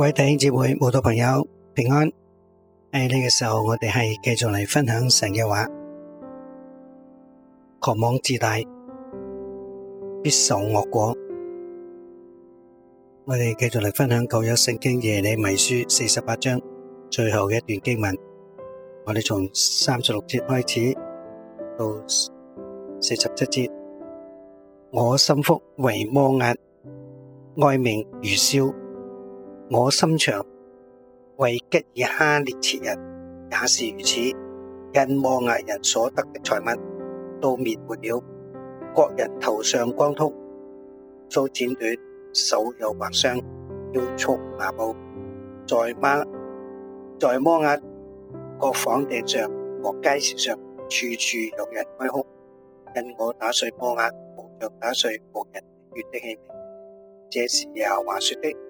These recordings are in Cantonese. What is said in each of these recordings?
各位弟兄姊妹、慕道朋友平安！喺呢個時候，我哋係繼續嚟分享神嘅話，狂妄自大必受惡果。我哋繼續嚟分享舊約聖經耶利米書四十八章最後嘅一段經文。我哋從三十六節開始到四十七節，我心腹為摩押，哀鳴如簫。我心腸為吉爾哈列切人也是如此，因摩押人所得的財物都滅沒了，各人頭上光禿，鬍鬚剪短，手有劃傷，腰束麻布。在摩在摩押各房頂上和街市上，處處有人哀哭，因我打碎摩押，我像打碎無人喜悅的器皿。這是耶和華說的。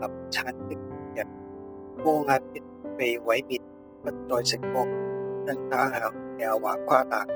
林產的人，摩押被毀滅，不再成功。但他向耶和華誇大，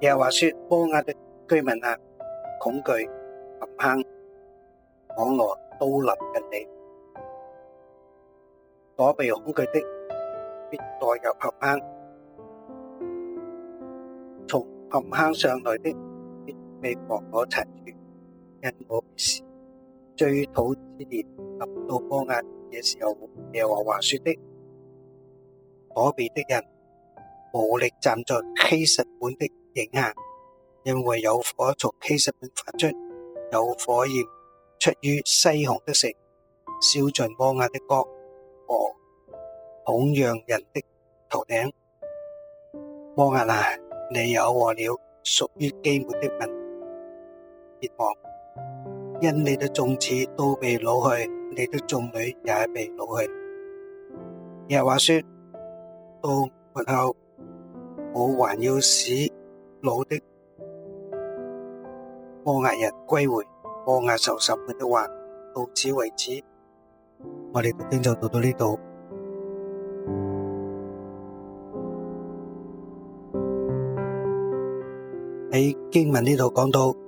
又話說摩押的居民啊，恐懼陷坑網絡都臨近你，躲避恐懼的，必代有陷坑，從陷坑上來的，必被可察覺，人無事。最土之年到摩押嘅時候，耶和華說的躲避的人無力站在希實本的影下，因為有火從希實本發出，有火焰出於西紅的城燒盡摩押的角和恐讓人的頭頂。摩押啊，你有禍了，屬於基本的民別忘因你的眾子都被擄去，你的眾女也被擄去。俗話說：到末後，我還要使老的摩押人歸回，摩押受審判的話，到此為止。我哋讀經就讀到呢度。喺經文呢度講到。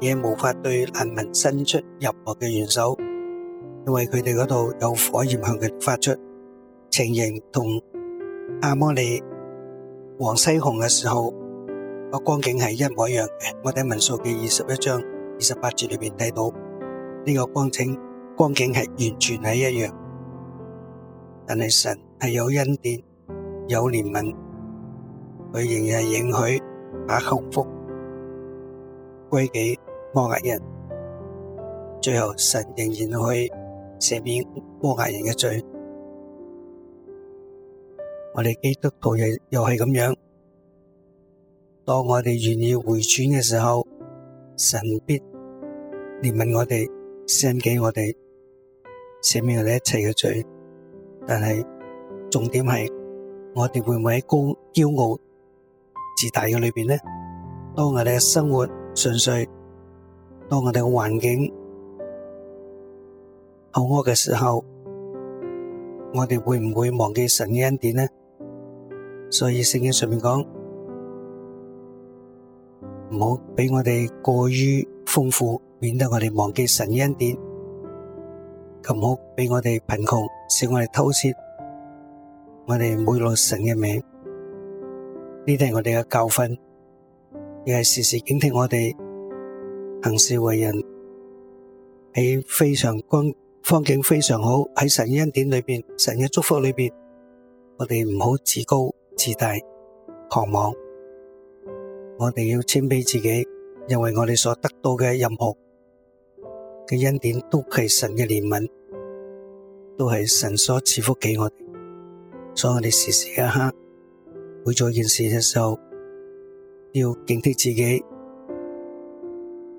嘢無法對難民伸出任何嘅援手，因為佢哋嗰度有火焰向佢哋發出。情形同阿摩利王西虹嘅時候個光景係一模一樣。我哋喺民數嘅二十一章二十八節裏面睇到呢個光景，光景係完全係一樣。但係神係有恩典、有憐憫，佢仍然係允許把幸福歸己。摩押人，最後神仍然去赦免摩押人嘅罪。我哋基督徒又又係咁樣，當我哋願意回轉嘅時候，神必憐憫我哋，施恩給我哋，赦免我哋一切嘅罪。但係重點係，我哋會唔會喺高驕傲自大嘅裏邊呢？當我哋嘅生活順遂。當我哋嘅環境好惡嘅時候，我哋會唔會忘記神嘅恩典呢？所以聖經上面講，唔好俾我哋過於豐富，免得我哋忘記神嘅恩典；更唔好俾我哋貧窮，使我哋偷竊，我哋背落神嘅名。呢啲係我哋嘅教訓，亦係時時警惕我哋。行事為人喺非常光光景非常好，喺神恩典裏邊神嘅祝福裏邊，我哋唔好自高自大狂妄，我哋要謙卑自己，因為我哋所得到嘅任何嘅恩典都係神嘅憐憫，都係神所賜福俾我哋，所以我哋時時刻刻每做一件事嘅時候要警惕自己。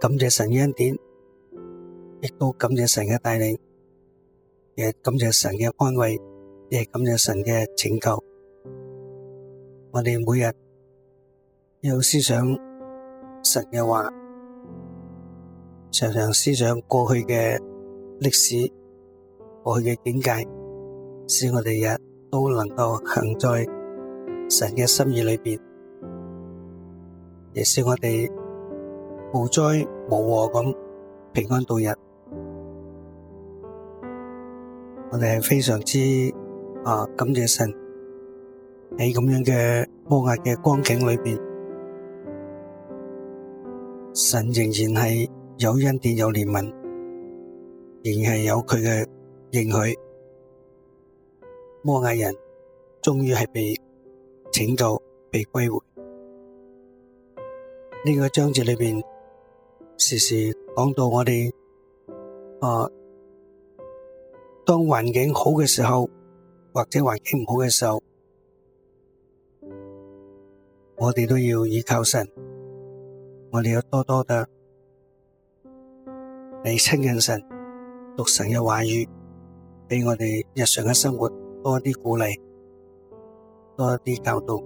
感謝神嘅恩典，亦都感謝神嘅帶領，亦感謝神嘅安慰，亦感謝神嘅拯救。我哋每日要思想神嘅話，常常思想過去嘅歷史、過去嘅境界，使我哋日日都能夠行在神嘅心意裏邊，亦使我哋。無災無禍咁平安度日，我哋係非常之啊感謝神喺咁樣嘅摩押嘅光景裏邊，神仍然係有恩典有憐憫，仍然係有佢嘅應許，摩押人終於係被拯救被歸回呢個章節裏邊。時時講到我哋，啊，當環境好嘅時候，或者環境唔好嘅時候，我哋都要依靠神，我哋要多多嘅嚟親近神，讀神嘅話語，俾我哋日常嘅生活多啲鼓勵，多啲教導，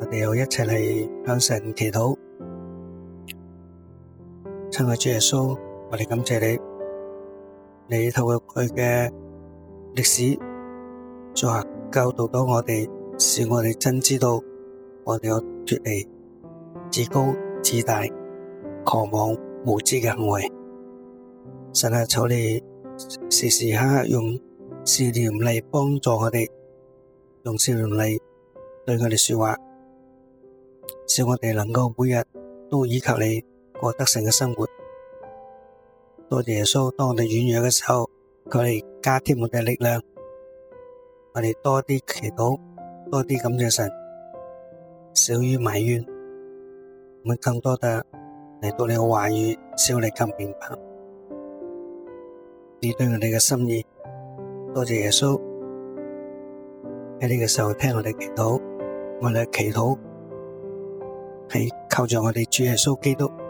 我哋又一齊嚟向神祈禱。親愛主耶穌，我哋感謝你，你透過佢嘅歷史做教導到我哋，使我哋真知道我哋有脫離自高自大、狂妄無知嘅行為。神啊，求你時時刻刻用笑臉嚟幫助我哋，用笑臉嚟對我哋說話，使我哋能夠每日都倚靠你。我得勝嘅生活，多謝耶穌。當我哋軟弱嘅時候，佢哋加添我哋嘅力量。我哋多啲祈禱，多啲感謝神，少於埋怨，會更多嘅嚟到你嘅話語，少你更明白。你對我哋嘅心意，多謝耶穌喺呢個時候聽我哋祈禱。我哋祈禱係靠住我哋主耶穌基督。